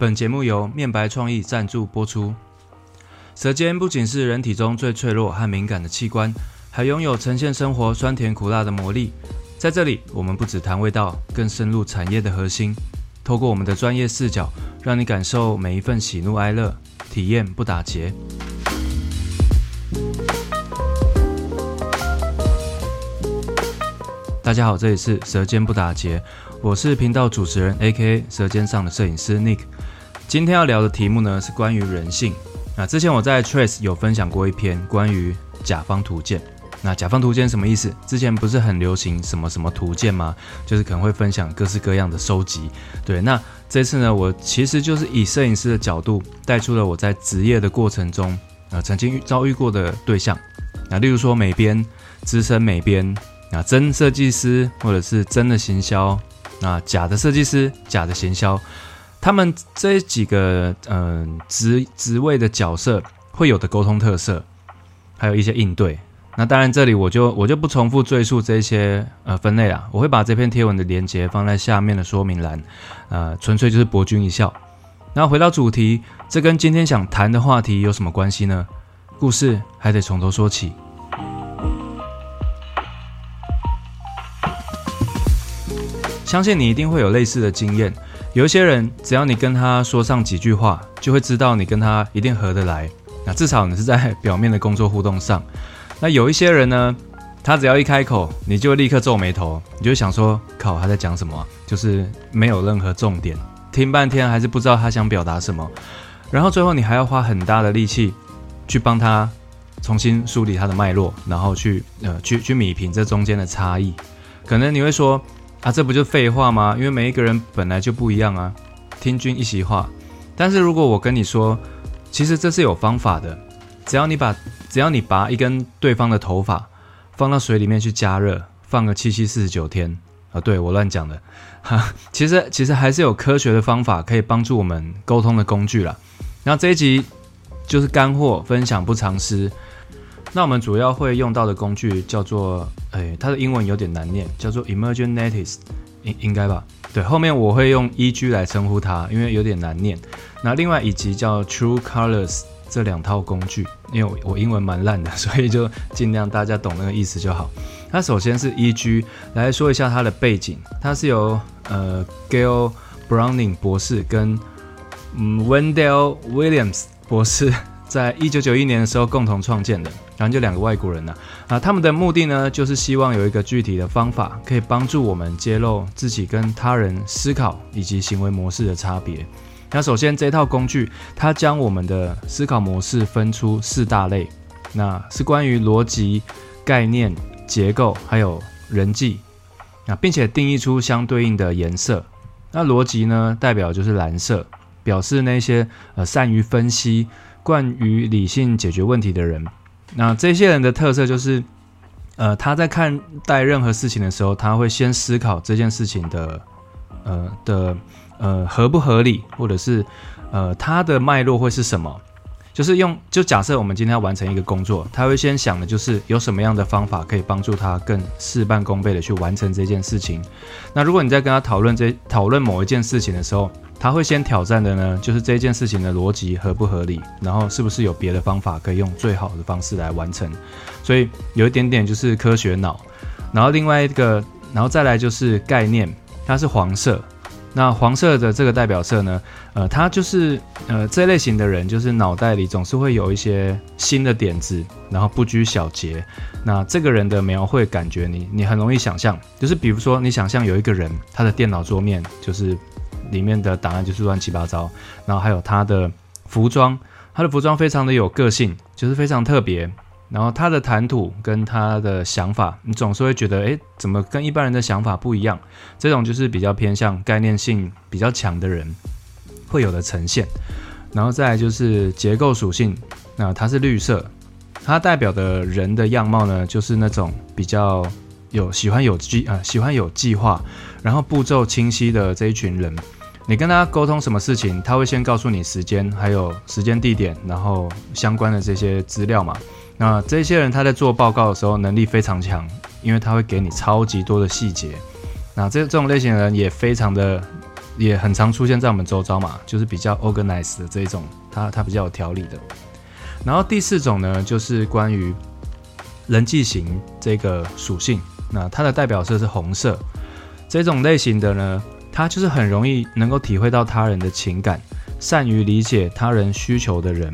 本節目由面白創意贊助播出。舌尖不僅是人體中最脆弱和敏感的器官，還擁有呈現生活酸甜苦辣的魔力。在這裡，我們不只談味道，更深入產業的核心，透過我們的專業視角，讓你感受每一份喜怒哀樂，體驗不打結。大家好，這裡是《舌尖不打結》，我是頻道主持人 aka 舌尖上的攝影師 Nick。今天要聊的題目呢，是關於人性。那之前我在 Threads 有分享過一篇關於甲方圖鑑。那甲方圖鑑什麼意思？之前不是很流行什麼什麼圖鑑嗎？就是可能會分享各式各樣的收集。對，那這次呢，我其實就是以攝影師的角度帶出了我在執業的過程中，啊、呃，曾經遇遭遇過的對象。那例如說美編、資深美編，那真設計師或者是真的行銷，那假的設計師、假的行銷。他們這幾個嗯、呃、職職位的角色會有的溝通特色，還有一些應對。那當然，這裡我就我就不重複贅述這些呃分類了。我會把這篇貼文的連結放在下面的說明欄，呃、純粹就是博君一笑。那回到主題，這跟今天想談的話題有什麼關係呢？故事還得從頭說起。相信你一定會有類似的經驗。有一些人，只要你跟他說上幾句話，就會知道你跟他一定合得來。那至少你是在表面的工作互動上。那有一些人呢，他只要一開口，你就立刻皺眉頭，你就想說：靠，他在講什麼啊？就是沒有任何重點，聽半天還是不知道他想表達什麼。然後最後你還要花很大的力氣去幫他重新梳理他的脈絡，然後去呃去去彌平這中間的差異。可能你會說。啊，這不就廢話嗎？因為每一個人本來就不一樣啊。聽君一席話，但是如果我跟你說，其實這是有方法的。只要你把，只要你拔一根對方的頭髮，放到水裡面去加熱，放個七七四十九天啊對，對我亂講的。哈、啊，其實其實還是有科學的方法可以幫助我們溝通的工具啦。然後這一集就是乾貨分享不償失，不藏私。那我們主要會用到的工具叫做，哎，它的英文有點難念，叫做 EmerGenetics，應應該吧？對，後面我會用 EG 來稱呼它，因為有點難念。那另外以及叫 True Colors 這兩套工具，因為我，我英文蠻爛的，所以就盡量大家懂那個意思就好。那首先是 EG 來說一下它的背景，它是由呃 Gail Browning 博士跟嗯 Wendell Williams 博士在一九九一年的時候共同創建的。然後就兩個外國人呢，啊！他們的目的呢，就是希望有一個具體的方法，可以幫助我們揭露自己跟他人思考以及行為模式的差別。那首先這一套工具，它將我們的思考模式分出四大類，那是關於邏輯、概念、結構還有人際啊，那並且定義出相對應的顏色。那邏輯呢，代表就是藍色，表示那些呃善於分析、慣於理性解決問題的人。那這些人的特色就是，呃，他在看待任何事情的時候，他會先思考這件事情的，呃的，呃合不合理，或者是，呃，他的脈絡會是什麼。就是用，就假設我們今天要完成一個工作，他會先想的就是有什麼樣的方法可以幫助他更事半功倍的去完成這件事情。那如果你在跟他討論這討論某一件事情的時候，他會先挑戰的呢，就是這件事情的邏輯合不合理，然後是不是有別的方法可以用最好的方式來完成。所以有一點點就是科學腦，然後另外一個，然後再來就是概念，它是黃色。那黃色的這個代表色呢？呃，他就是呃，這類型的人就是腦袋裡總是會有一些新的點子，然後不拘小節。那這個人的描繪感覺你，你你很容易想象，就是比如說你想象有一個人，他的電腦桌面就是裡面的檔案就是亂七八糟，然後還有他的服裝，他的服裝非常的有個性，就是非常特別。然後他的談吐跟他的想法，你總是會覺得，誒，怎麼跟一般人的想法不一樣？這種就是比較偏向概念性比較強的人會有的呈現。然後再來就是結構屬性，那它是綠色，它代表的人的樣貌呢，就是那種比較有喜歡有計啊、呃，喜歡有計劃，然後步驟清晰的這一群人。你跟他溝通什麼事情，他會先告訴你時間，還有時間地點，然後相關的這些資料嘛。那這些人他在做報告的時候能力非常強，因為他會給你超級多的細節。那這這種類型的人也非常的，也很常出現在我們周遭嘛，就是比較 organized 的這一種，他他比較有條理的。然後第四種呢，就是關於人際型這個屬性，那它的代表色是紅色。這種類型的呢，他就是很容易能夠體會到他人的情感，善於理解他人需求的人。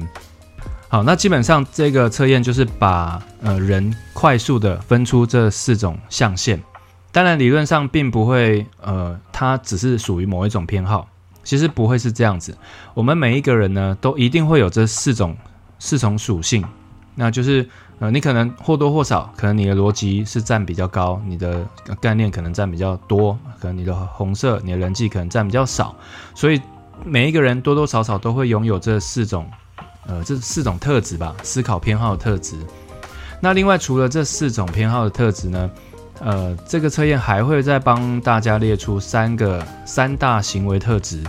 好，那基本上這個測驗就是把呃人快速的分出這四種象限。當然，理論上並不會，呃，它只是屬於某一種偏好，其實不會是這樣子。我們每一個人呢，都一定會有這四種四種屬性，那就是呃，你可能或多或少，可能你的邏輯是佔比較高，你的概念可能佔比較多，可能你的紅色你的人際可能佔比較少，所以每一個人多多少少都會擁有這四種。呃，這四種特質吧，思考偏好的特質。那另外除了這四種偏好的特質呢，呃，這個測驗還會再幫大家列出三個三大行為特質。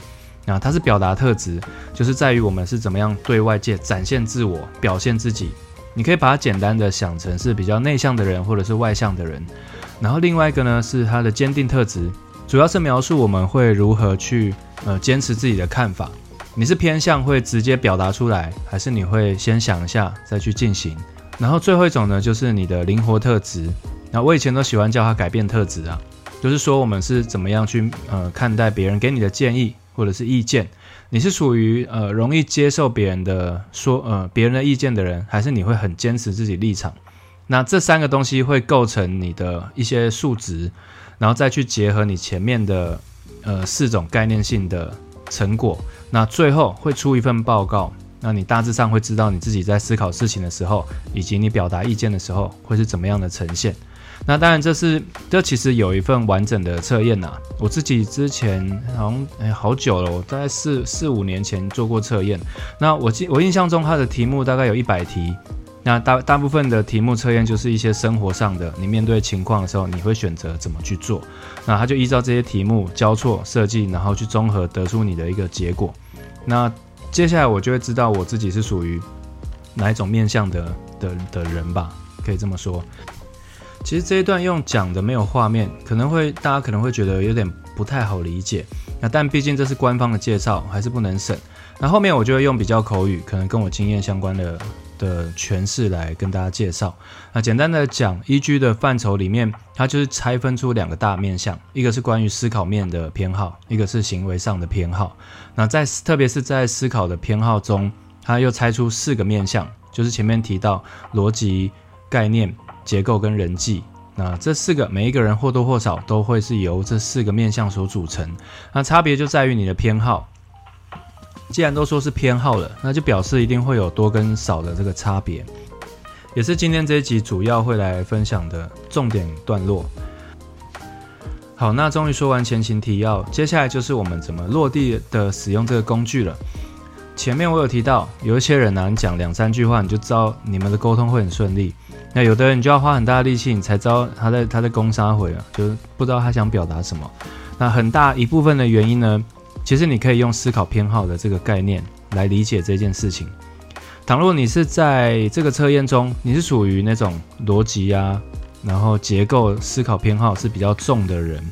那、啊、它是表達特質，就是在於我們是怎麼樣對外界展現自我、表現自己。你可以把它簡單的想成是比較內向的人或者是外向的人。然後另外一個呢是它的堅定特質，主要是描述我們會如何去呃堅持自己的看法。你是偏向會直接表達出來，還是你會先想一下再去進行？然後最後一種呢，就是你的靈活特質。那我以前都喜歡叫它改變特質啊，就是說我們是怎麼樣去呃看待別人給你的建議或者是意見？你是屬於呃容易接受別人的說呃別人的意見的人，還是你會很堅持自己立場？那這三個東西會構成你的一些數值，然後再去結合你前面的呃四種概念性的。成果，那最後會出一份報告，那你大致上會知道你自己在思考事情的時候，以及你表達意見的時候會是怎麼樣的呈現。那當然，這是這其實有一份完整的測驗啦。我自己之前好像哎、欸、好久了，我大概四四五年前做過測驗。那我記我印象中它的題目大概有一百題。那大大部分的題目測驗就是一些生活上的，你面對情況的時候，你會選擇怎麼去做？那他就依照這些題目交錯設計，然後去綜合得出你的一個結果。那接下來我就會知道我自己是屬於哪一種面向的的的人吧，可以這麼說。其實這一段用講的沒有畫面，可能會大家可能會覺得有點不太好理解。那但畢竟這是官方的介紹，還是不能省。那後面我就會用比較口語，可能跟我經驗相關的的詮釋來跟大家介紹。那簡單的講，EG 的範疇裡面，它就是拆分出兩個大面向，一個是關於思考面的偏好，一個是行為上的偏好。那在，特別是在思考的偏好中，它又拆出四個面向，就是前面提到邏輯、概念、結構跟人際。那這四個，每一個人或多或少都會是由這四個面向所組成。那差別就在於你的偏好。既然都說是偏好了，那就表示一定會有多跟少的這個差別，也是今天這一集主要會來分享的重點段落。好，那終於說完前情提要，接下來就是我們怎麼落地的使用這個工具了。前面我有提到，有一些人呢、啊，你講兩三句話你就知道你們的溝通會很順利；那有的人就要花很大的力氣，你才知道他在他在攻殺回了、啊，就是不知道他想表達什麼。那很大一部分的原因呢？其實你可以用思考偏好的這個概念來理解這件事情。倘若你是在這個測驗中，你是屬於那種邏輯啊，然後結構思考偏好是比較重的人，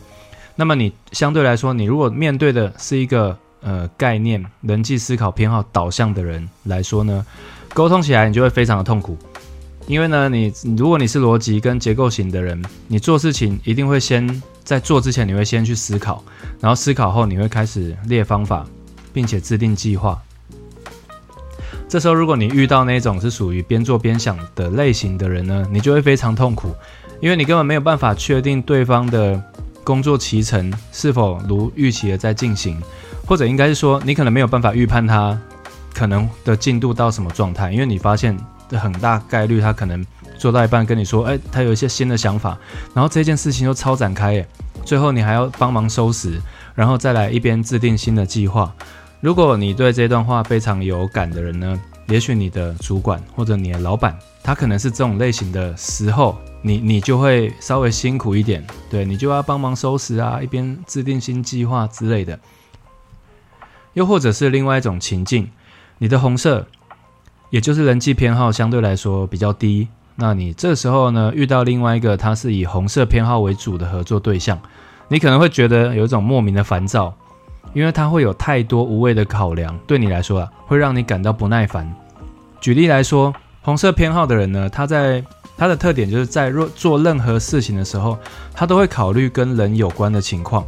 那麼你相對來說，你如果面對的是一個呃概念人際思考偏好導向的人來說呢，溝通起來你就會非常的痛苦，因為呢，你如果你是邏輯跟結構型的人，你做事情一定會先在做之前，你會先去思考。然後思考後，你會開始列方法，並且制定計劃。這時候，如果你遇到那種是屬於邊做邊想的類型的人呢，你就會非常痛苦，因為你根本沒有辦法確定對方的工作期程是否如預期的在進行，或者應該是說，你可能沒有辦法預判他可能的進度到什麼狀態，因為你發現的很大概率他可能做到一半跟你說：“誒、哎，他有一些新的想法。”然後這件事情就超展開耶最後，你還要幫忙收拾，然後再來一邊制定新的計劃。如果你對這段話非常有感的人呢，也許你的主管或者你的老闆，他可能是這種類型的時候，你你就會稍微辛苦一點，對，你就要幫忙收拾啊，一邊制定新計劃之類的。又或者是另外一種情境，你的紅色，也就是人際偏好相對來說比較低。那你這時候呢，遇到另外一個他是以紅色偏好為主的合作對象，你可能會覺得有一種莫名的煩躁，因為他會有太多無謂的考量，對你來說啊，會讓你感到不耐煩。舉例來說，紅色偏好的人呢，他在他的特點就是在若做任何事情的時候，他都會考慮跟人有關的情況。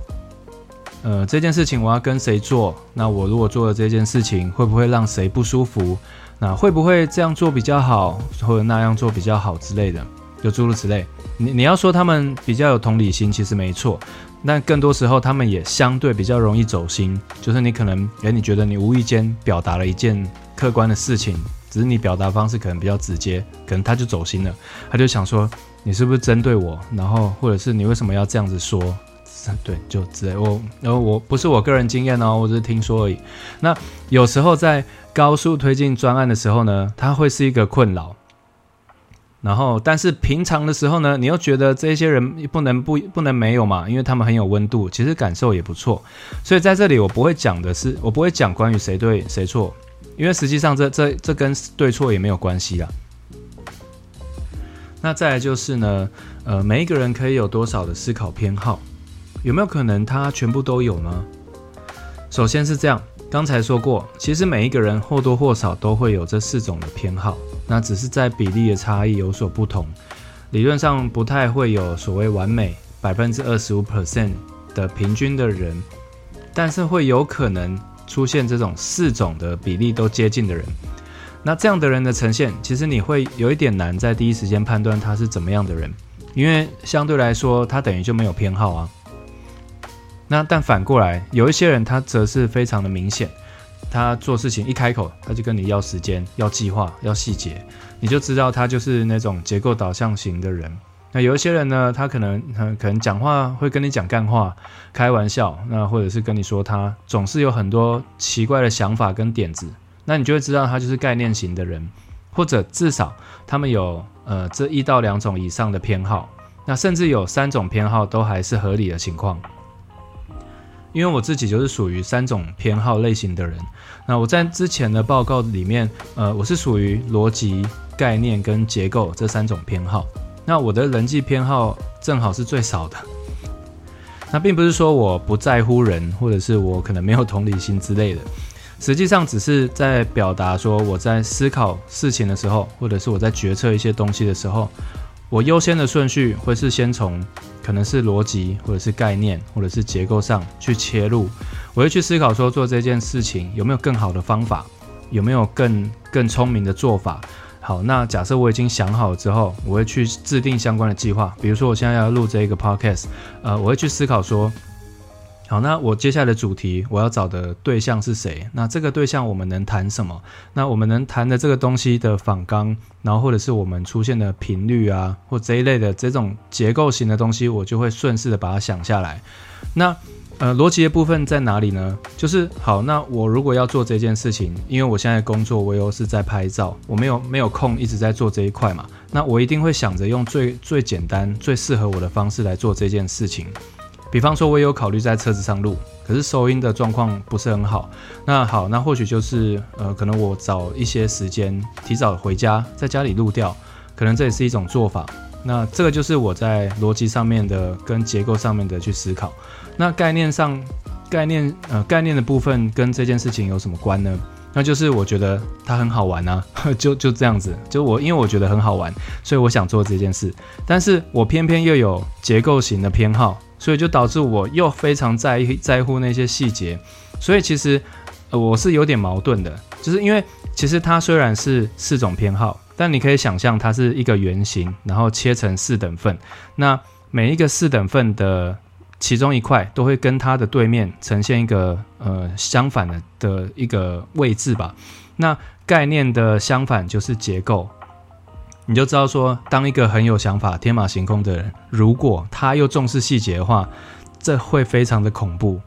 呃，這件事情我要跟誰做？那我如果做了這件事情，會不會讓誰不舒服？那會不會這樣做比較好，或者那樣做比較好之類的，就諸如此類。你你要說他們比較有同理心，其實沒錯，但更多時候他們也相對比較容易走心。就是你可能誒，你覺得你無意間表達了一件客觀的事情，只是你表達方式可能比較直接，可能他就走心了，他就想說你是不是針對我，然後或者是你為什麼要這樣子說？對，就之類。我然後、呃、我不是我個人經驗哦，我只是聽說而已。那有時候在。高速推進專案的時候呢，它會是一個困擾。然後，但是平常的時候呢，你又覺得這些人不能不不能沒有嘛，因為他們很有溫度，其實感受也不錯。所以在這裡，我不會講的是，我不會講關於誰對誰錯，因為實際上這這這跟對錯也沒有關係啊。那再來就是呢，呃，每一個人可以有多少的思考偏好？有沒有可能他全部都有呢？首先是這樣。剛才說過，其實每一個人或多或少都會有這四種的偏好，那只是在比例的差異有所不同。理論上不太會有所謂完美百分之二十五 percent 的平均的人，但是會有可能出現這種四種的比例都接近的人。那這樣的人的呈現，其實你會有一點難在第一時間判斷他是怎麼樣的人，因為相對來說，他等於就沒有偏好啊。那但反過來，有一些人他則是非常的明顯，他做事情一開口他就跟你要時間、要計劃、要細節，你就知道他就是那種結構導向型的人。那有一些人呢，他可能可能講話會跟你講幹話、開玩笑，那或者是跟你說他總是有很多奇怪的想法跟點子，那你就會知道他就是概念型的人，或者至少他們有呃這一到兩種以上的偏好，那甚至有三種偏好都還是合理的情況。因為我自己就是屬於三種偏好類型的人，那我在之前的報告裡面，呃，我是屬於邏輯、概念跟結構這三種偏好。那我的人際偏好正好是最少的。那並不是說我不在乎人，或者是我可能沒有同理心之類的，實際上只是在表達說我在思考事情的時候，或者是我在決策一些東西的時候。我優先的順序會是先從可能是邏輯，或者是概念，或者是結構上去切入。我會去思考說做這件事情有沒有更好的方法，有沒有更更聰明的做法。好，那假設我已經想好了之後，我會去制定相關的計劃。比如說我現在要錄這一個 podcast，呃，我會去思考說。好，那我接下來的主題，我要找的對象是誰？那這個對象我們能談什麼？那我們能談的這個東西的訪綱，然後或者是我們出現的頻率啊，或這一類的這種結構型的東西，我就會順勢的把它想下來。那呃，邏輯的部分在哪裡呢？就是好，那我如果要做這件事情，因為我現在工作我又是在拍照，我沒有沒有空一直在做這一塊嘛，那我一定會想着用最最簡單、最適合我的方式來做這件事情。比方說，我也有考慮在車子上錄，可是收音的狀況不是很好。那好，那或許就是呃，可能我找一些時間提早回家，在家裡錄掉，可能這也是一種做法。那這個就是我在邏輯上面的跟結構上面的去思考。那概念上，概念呃，概念的部分跟這件事情有什麼關呢？那就是我覺得它很好玩啊，就就這樣子。就我因為我覺得很好玩，所以我想做這件事。但是我偏偏又有結構型的偏好。所以就導致我又非常在意在乎那些細節，所以其實，我是有點矛盾的，就是因為其實它雖然是四種偏好，但你可以想象它是一個圓形，然後切成四等份，那每一個四等份的其中一塊都會跟它的對面呈現一個呃相反的的一個位置吧，那概念的相反就是結構，你就知道說，當一個很有想法、天馬行空的人，如果他又重視細節的話，這會非常的恐怖。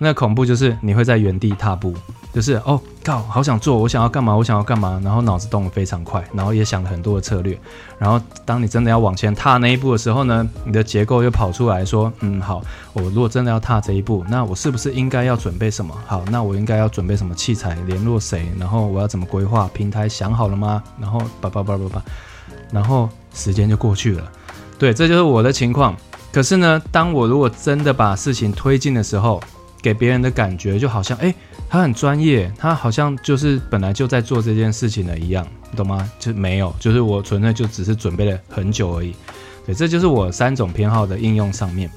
那恐怖就是你會在原地踏步，就是哦，靠，好想做，我想要幹嘛？我想要幹嘛？然後腦子動得非常快，然後也想了很多的策略。然後當你真的要往前踏那一步的時候呢，你的結構又跑出來說，嗯，好，我如果真的要踏這一步，那我是不是應該要準備什麼？好，那我應該要準備什麼器材？聯絡誰？然後我要怎麼規劃平台？想好了嗎？然後叭叭叭叭叭。然後時間就過去了，對，這就是我的情況。可是呢，當我如果真的把事情推進的時候，給別人的感覺就好像，哎，他很專業，他好像就是本來就在做這件事情的一樣，你懂嗎？就沒有，就是我純粹就只是準備了很久而已。對，這就是我三種偏好的應用上面。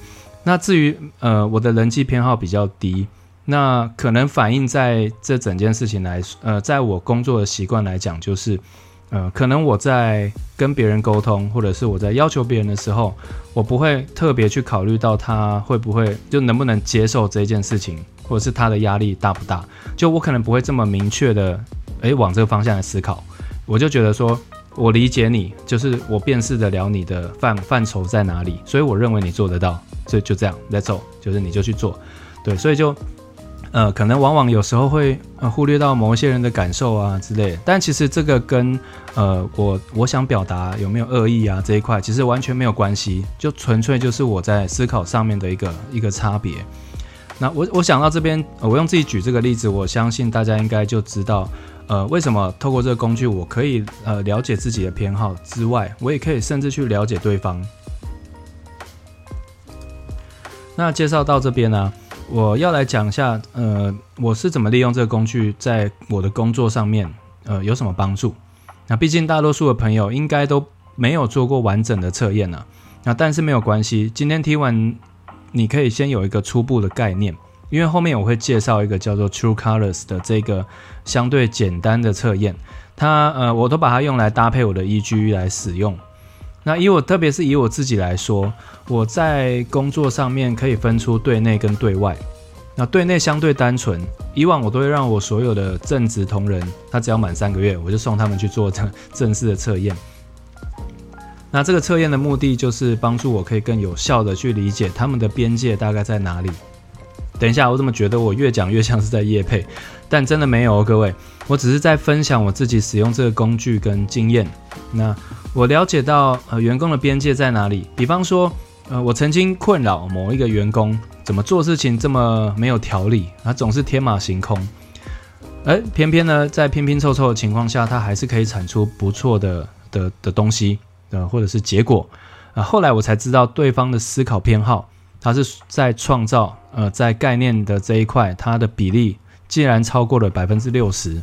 那至於呃，我的人際偏好比較低，那可能反映在這整件事情來說，呃，在我工作的習慣來講，就是。呃，可能我在跟別人溝通，或者是我在要求別人的時候，我不會特別去考慮到他會不會就能不能接受這件事情，或者是他的壓力大不大，就我可能不會這麼明確的，誒，往這個方向來思考。我就覺得說，我理解你，就是我辨識得了你的範範疇在哪裡，所以我認為你做得到，所以就這樣，Let's go，就是你就去做，對，所以就。呃，可能往往有時候會呃忽略到某一些人的感受啊之類，但其實這個跟呃我我想表達有沒有惡意啊這一塊其實完全沒有關係，就純粹就是我在思考上面的一個一個差別。那我我想到這邊，呃，我用自己舉這個例子，我相信大家應該就知道，呃，為什麼透過這個工具我可以呃了解自己的偏好之外，我也可以甚至去了解對方。那介紹到這邊呢，啊？我要來講一下，呃，我是怎麼利用這個工具在我的工作上面，呃，有什麼幫助？那畢竟大多數的朋友應該都沒有做過完整的測驗呢、啊，那但是沒有關係，今天聽完你可以先有一個初步的概念，因為後面我會介紹一個叫做 True Colors 的這個相對簡單的測驗，它呃，我都把它用來搭配我的 EG 來使用。那以我，特別是以我自己來說，我在工作上面可以分出對內跟對外。那對內相對單純，以往我都會讓我所有的正職同仁，他只要滿三個月，我就送他們去做正正式的測驗。那這個測驗的目的就是幫助我可以更有效的去理解他們的邊界大概在哪裡。等一下，我怎麼覺得我越講越像是在業配？但真的沒有哦，各位，我只是在分享我自己使用這個工具跟經驗。那我了解到，呃，員工的邊界在哪裡。比方說，呃，我曾經困擾某一個員工怎麼做事情這麼沒有條理，他、啊、總是天馬行空，而偏偏呢，在拼拼湊湊的情況下，他還是可以產出不錯的的的東西，呃，或者是結果。啊、呃，後來我才知道對方的思考偏好。它是在創造，呃，在概念的這一塊，它的比例竟然超過了百分之六十，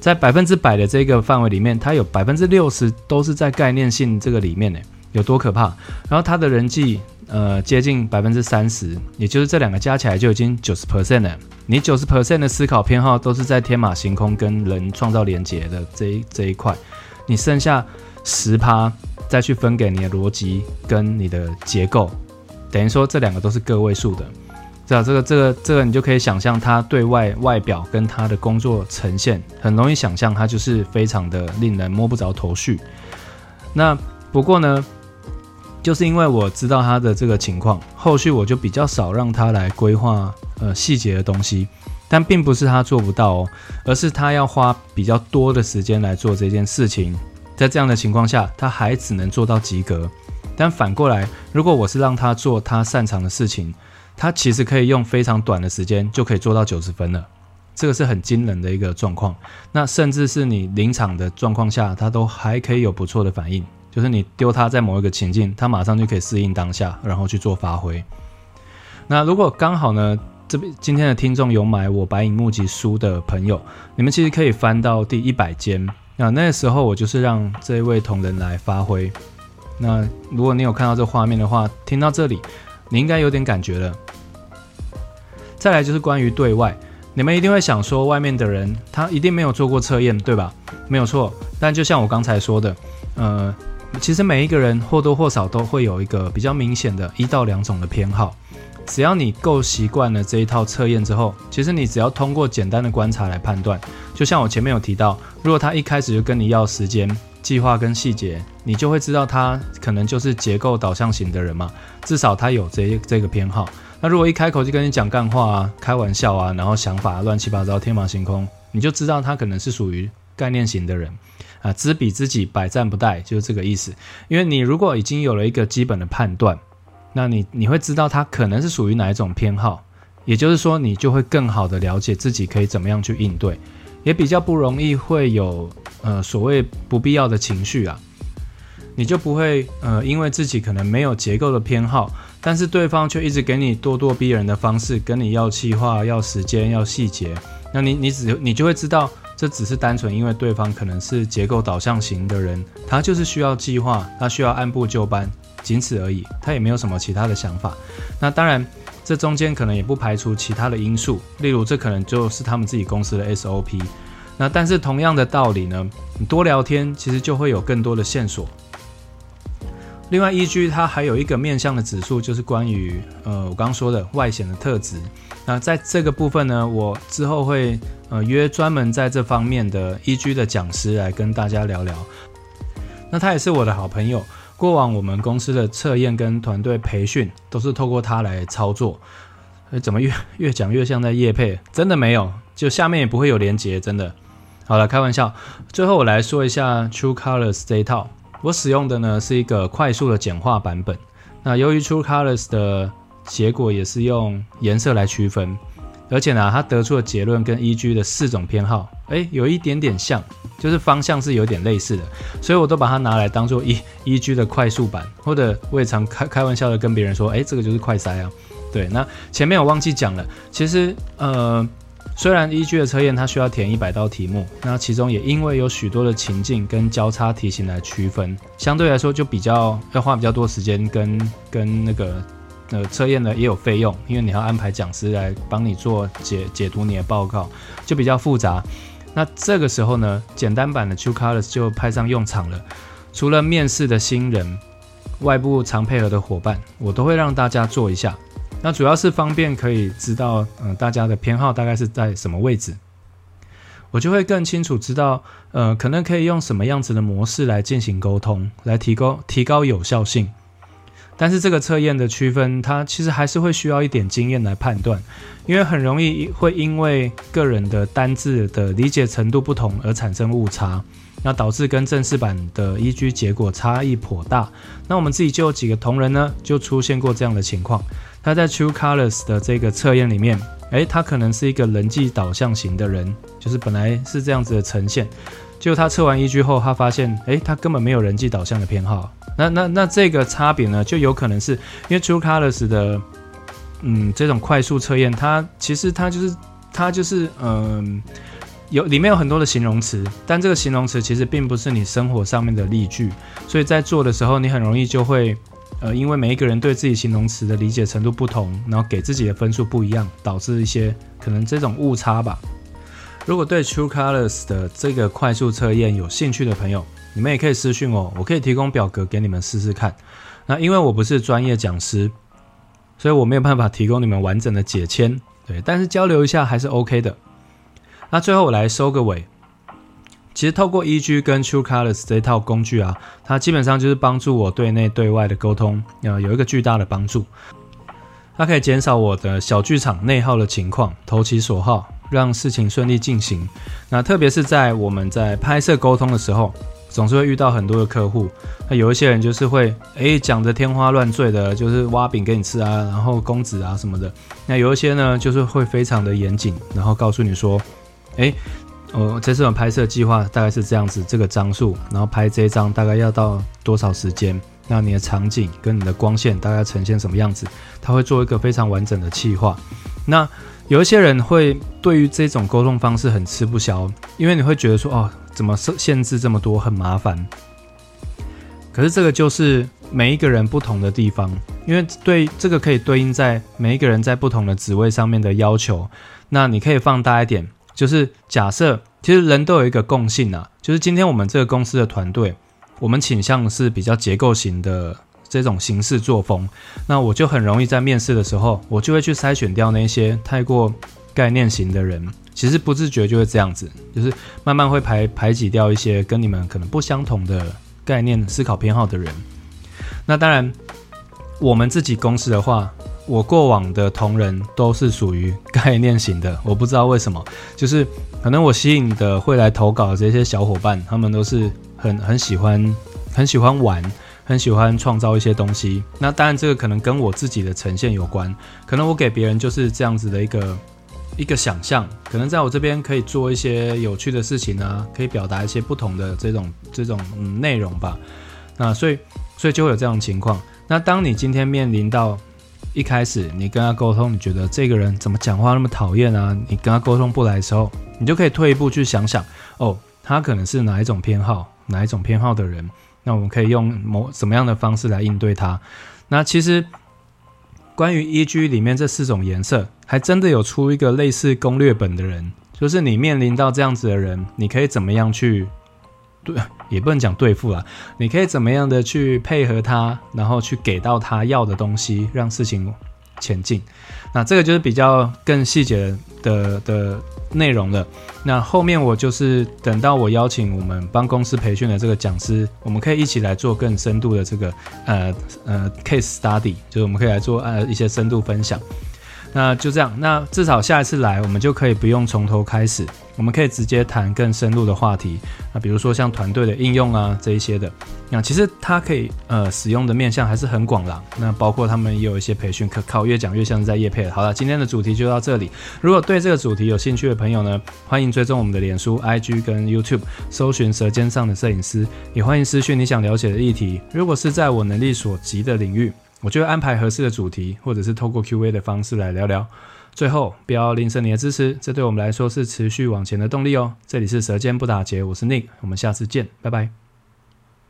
在百分之百的這個範圍裡面，它有百分之六十都是在概念性這個裡面呢，有多可怕？然後它的人際，呃，接近百分之三十，也就是這兩個加起來就已經九十 percent 了。你九十 percent 的思考偏好都是在天馬行空跟人創造連結的這一這一塊，你剩下十趴再去分給你的邏輯跟你的結構。等於說這兩個都是個位數的，這樣這個這個這個，這個這個、你就可以想象他對外外表跟他的工作呈現，很容易想象他就是非常的令人摸不着頭緒。那不過呢，就是因為我知道他的這個情況，後續我就比較少讓他來規劃呃細節的東西，但並不是他做不到，哦，而是他要花比較多的時間來做這件事情。在這樣的情況下，他還只能做到及格。但反過來，如果我是讓他做他擅長的事情，他其實可以用非常短的時間就可以做到九十分了。這個是很驚人的一個狀況。那甚至是你臨場的狀況下，他都還可以有不錯的反應。就是你丟他在某一個情境，他馬上就可以適應當下，然後去做發揮。那如果剛好呢，這邊今天的聽眾有買我《白影木集》書的朋友，你們其實可以翻到第一百間。那那時候我就是讓這一位同仁來發揮。那如果你有看到這畫面的話，聽到這裡，你應該有點感覺了。再來就是關於對外，你們一定會想說，外面的人他一定沒有做過測驗，對吧？沒有錯，但就像我剛才說的，呃，其實每一個人或多或少都會有一個比較明顯的一到兩種的偏好。只要你夠習慣了這一套測驗之後，其實你只要通過簡單的觀察來判斷。就像我前面有提到，如果他一開始就跟你要時間。計劃跟細節，你就會知道他可能就是結構導向型的人嘛，至少他有這這個偏好。那如果一開口就跟你講幹話啊、開玩笑啊，然後想法亂七八糟、天馬行空，你就知道他可能是屬於概念型的人啊。知彼知己，百戰不殆，就是這個意思。因為你如果已經有了一個基本的判斷，那你你會知道他可能是屬於哪一種偏好，也就是說你就會更好的了解自己可以怎麼樣去應對，也比較不容易會有。呃，所謂不必要的情緒啊，你就不會呃，因為自己可能沒有結構的偏好，但是對方卻一直給你咄咄逼人的方式，跟你要企劃、要時間、要細節，那你你只你就會知道，這只是單純因為對方可能是結構導向型的人，他就是需要計劃，他需要按部就班，僅此而已，他也沒有什麼其他的想法。那當然，這中間可能也不排除其他的因素，例如這可能就是他們自己公司的 SOP。那但是同樣的道理呢，你多聊天，其實就會有更多的線索。另外，E.G. 它還有一個面向的指數，就是關於呃我剛剛說的外顯的特質。那在這個部分呢，我之後會呃約專門在這方面的 E.G. 的講師來跟大家聊聊。那他也是我的好朋友，過往我們公司的測驗跟團隊培訓都是透過他來操作。哎，怎麼越越講越像在業配？真的沒有，就下面也不會有連結，真的。好了，開玩笑。最後我來說一下 True Colors 這一套，我使用的呢是一個快速的簡化版本。那由於 True Colors 的結果也是用顏色來區分，而且呢，它得出的結論跟 E.G. 的四種偏好，哎、欸，有一點點像，就是方向是有點類似的，所以我都把它拿來當做 E.E.G. 的快速版，或者我也常開開玩笑的跟別人說，哎、欸，這個就是快篩啊。對，那前面我忘記講了，其實呃。雖然 EG 的測驗它需要填一百道題目，那其中也因為有許多的情境跟交叉題型來區分，相對來說就比較要花比較多時間跟跟那個呃測驗呢也有費用，因為你要安排講師來幫你做解解讀你的報告，就比較複雜。那這個時候呢，簡單版的 Two Colors 就派上用場了。除了面試的新人、外部常配合的夥伴，我都會讓大家做一下。那主要是方便可以知道，嗯、呃，大家的偏好大概是在什麼位置，我就會更清楚知道，呃，可能可以用什麼樣子的模式來進行溝通，來提高提高有效性。但是這個測驗的區分，它其實還是會需要一點經驗來判斷，因為很容易會因為個人的單字的理解程度不同而產生誤差，那導致跟正式版的 EG 結果差異頗大。那我們自己就有幾個同仁呢，就出現過這樣的情況。他在 True Colors 的這個測驗裡面，誒、欸，他可能是一個人際導向型的人，就是本來是這樣子的呈現。就他測完以後，他發現，誒、欸，他根本沒有人際導向的偏好。那、那、那這個差別呢，就有可能是因為 True Colors 的，嗯，這種快速測驗，它其實它就是它就是，嗯、呃，有裡面有很多的形容詞，但這個形容詞其實並不是你生活上面的例句，所以在做的時候，你很容易就會。呃，因為每一個人對自己形容詞的理解程度不同，然後給自己的分數不一樣，導致一些可能這種誤差吧。如果對 True Colors 的這個快速測驗有興趣的朋友，你們也可以私信我哦，我可以提供表格給你們試試看。那因為我不是專業講師，所以我沒有辦法提供你們完整的解籤，對，但是交流一下還是 OK 的。那最後我來收個尾。其實透過 EG 跟 True Colors 這套工具啊，它基本上就是幫助我對內對外的溝通，有一個巨大的幫助。它可以減少我的小劇場內耗的情況，投其所好，讓事情順利進行。那特別是在我們在拍攝溝通的時候，總是會遇到很多的客戶。那有一些人就是會，哎，講得天花亂墜的，就是挖餅給你吃啊，然後公子啊什麼的。那有一些呢，就是會非常的嚴謹，然後告訴你說，哎。哦，這次我們拍攝計劃大概是這樣子，這個張數，然後拍這一張大概要到多少時間？那你的場景跟你的光線大概呈現什麼樣子？它會做一個非常完整的企劃。那有一些人會對於這種溝通方式很吃不消，因為你會覺得說哦，怎麼設限制這麼多，很麻煩。可是這個就是每一個人不同的地方，因為對這個可以對應在每一個人在不同的職位上面的要求。那你可以放大一點。就是假設，其實人都有一個共性啊，就是今天我們這個公司的團隊，我們傾向是比較結構型的這種行事作風，那我就很容易在面試的時候，我就會去篩選掉那些太過概念型的人，其實不自覺就會這樣子，就是慢慢會排排擠掉一些跟你們可能不相同的概念思考偏好的人。那當然，我們自己公司的話。我過往的同仁都是屬於概念型的，我不知道為什麼，就是可能我吸引的會來投稿的這些小伙伴，他們都是很很喜歡、很喜歡玩、很喜歡創造一些東西。那當然，這個可能跟我自己的呈現有關，可能我給別人就是這樣子的一個一個想象，可能在我這邊可以做一些有趣的事情呢、啊，可以表達一些不同的這種這種、嗯、內容吧。那所以，所以就會有這樣的情況。那當你今天面臨到。一開始你跟他溝通，你覺得這個人怎麼講話那麼討厭啊？你跟他溝通不來的時候，你就可以退一步去想想，哦，他可能是哪一種偏好，哪一種偏好的人，那我們可以用某什麼樣的方式來應對他。那其實關於 EG 裡面這四種顏色，還真的有出一個類似攻略本的人，就是你面臨到這樣子的人，你可以怎麼樣去？對，也不能講對付啊，你可以怎麼樣的去配合他，然後去給到他要的東西，讓事情前進。那這個就是比較更細節的的內容了。那後面我就是等到我邀請我們幫公司培訓的這個講師，我們可以一起來做更深度的這個呃呃 case study，就是我們可以來做呃一些深度分享。那就這樣，那至少下一次來，我們就可以不用從頭開始。我們可以直接談更深入的話題，那比如說像團隊的應用啊這一些的，那其實它可以呃使用的面向還是很廣啦。那包括他們也有一些培訓可靠，越講越像是在業配。好了，今天的主題就到這裡。如果對這個主題有興趣的朋友呢，歡迎追蹤我們的臉書、IG 跟 YouTube，搜尋“舌尖上的攝影師”。也歡迎私訊你想了解的議題，如果是在我能力所及的領域，我就會安排合適的主題，或者是透過 Q&A 的方式來聊聊。最後，不要吝嗇你的支持，這對我們來說是持續往前的動力哦。這裡是舌尖不打結，我是 Nick，我們下次見，拜拜。